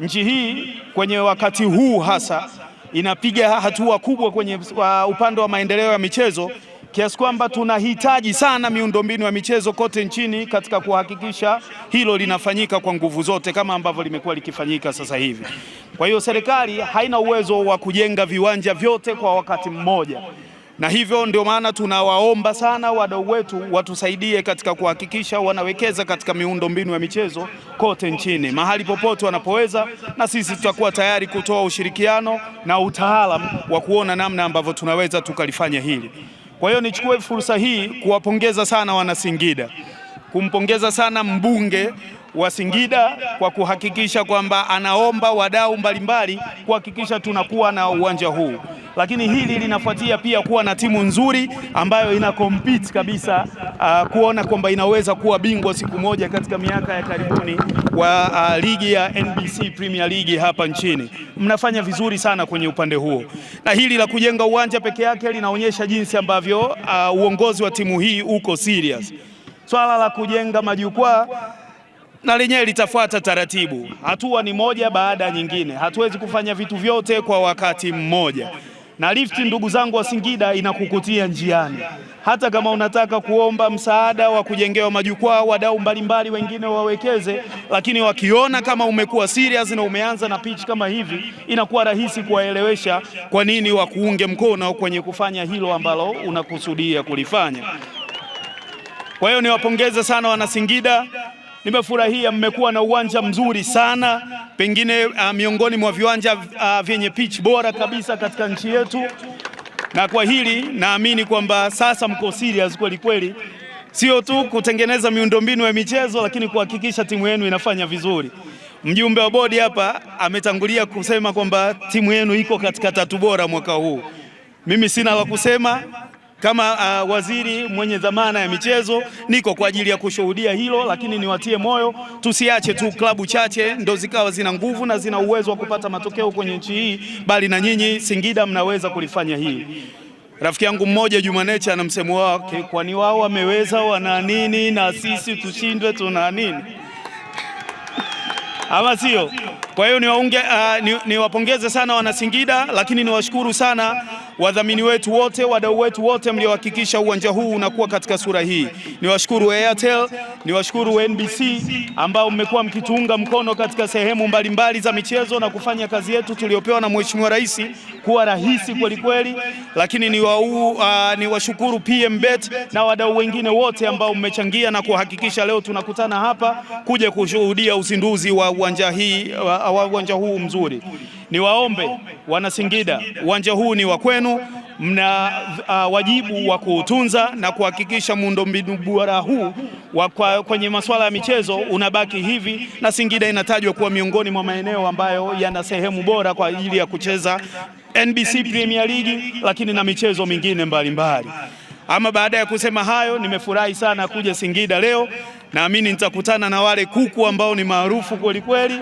nchi hii kwenye wakati huu hasa inapiga hatua kubwa kwenye uh, upande wa maendeleo ya michezo kiasi kwamba tunahitaji sana miundombinu ya michezo kote nchini katika kuhakikisha hilo linafanyika kwa nguvu zote kama ambavyo limekuwa likifanyika sasa hivi. Kwa hiyo serikali haina uwezo wa kujenga viwanja vyote kwa wakati mmoja na hivyo ndio maana tunawaomba sana wadau wetu watusaidie katika kuhakikisha wanawekeza katika miundo mbinu ya michezo kote nchini, mahali popote wanapoweza, na sisi tutakuwa tayari kutoa ushirikiano na utaalamu wa kuona namna ambavyo tunaweza tukalifanya hili. Kwa hiyo nichukue fursa hii kuwapongeza sana Wanasingida, kumpongeza sana mbunge wa Singida kwa kuhakikisha kwamba anaomba wadau mbalimbali kuhakikisha tunakuwa na uwanja huu lakini hili linafuatia pia kuwa na timu nzuri ambayo ina compete kabisa, uh, kuona kwamba inaweza kuwa bingwa siku moja katika miaka ya karibuni wa uh, ligi ya NBC Premier League hapa nchini. Mnafanya vizuri sana kwenye upande huo, na hili la kujenga uwanja peke yake linaonyesha jinsi ambavyo uh, uongozi wa timu hii uko serious. Swala la kujenga majukwaa na lenyewe litafuata taratibu. Hatua ni moja baada ya nyingine, hatuwezi kufanya vitu vyote kwa wakati mmoja na lifti, ndugu zangu wa Singida, inakukutia njiani. Hata kama unataka kuomba msaada wa kujengewa majukwaa, wadau mbalimbali wengine wawekeze, lakini wakiona kama umekuwa serious na umeanza na pitch kama hivi, inakuwa rahisi kuwaelewesha kwa nini wakuunge mkono kwenye kufanya hilo ambalo unakusudia kulifanya. Kwa hiyo niwapongeze sana wana Singida, nimefurahia, mmekuwa na uwanja mzuri sana pengine uh, miongoni mwa viwanja uh, vyenye pitch bora kabisa katika nchi yetu, na kwa hili naamini kwamba sasa mko serious kweli kweli, sio tu kutengeneza miundombinu ya michezo, lakini kuhakikisha timu yenu inafanya vizuri. Mjumbe wa bodi hapa ametangulia kusema kwamba timu yenu iko katika tatu bora mwaka huu. Mimi sina la kusema. Kama uh, waziri mwenye dhamana ya michezo niko kwa ajili ya kushuhudia hilo, lakini niwatie moyo, tusiache tu klabu chache ndo zikawa zina nguvu na zina uwezo wa kupata matokeo kwenye nchi hii, bali na nyinyi Singida mnaweza kulifanya hili. Rafiki yangu mmoja Juma Nature ana msemo wake, kwani wao wameweza wana nini na sisi tushindwe tuna nini? Ama sio? Kwa hiyo niwaunge uh, niwapongeze sana wana Singida, lakini niwashukuru sana wadhamini wetu wote, wadau wetu wote mliohakikisha uwanja huu unakuwa katika sura hii. Niwashukuru Airtel, niwashukuru NBC ambao mmekuwa mkituunga mkono katika sehemu mbalimbali mbali za michezo na kufanya kazi yetu tuliopewa na Mheshimiwa Rais kuwa rahisi kweli kweli, lakini ni uh, ni washukuru PMBet na wadau wengine wote ambao mmechangia na kuhakikisha leo tunakutana hapa kuja kushuhudia uzinduzi wa uwanja hii wa uwanja huu mzuri. Niwaombe wana Singida, uwanja huu ni wa kwenu kwenu mna uh, wajibu wa kuutunza na kuhakikisha muundombinu bora huu wa kwenye masuala ya michezo unabaki hivi, na Singida inatajwa kuwa miongoni mwa maeneo ambayo yana sehemu bora kwa ajili ya kucheza NBC Premier League, lakini na michezo mingine mbalimbali mbali. Ama baada ya kusema hayo, nimefurahi sana kuja Singida leo. Naamini nitakutana na wale kuku ambao ni maarufu kweli kweli.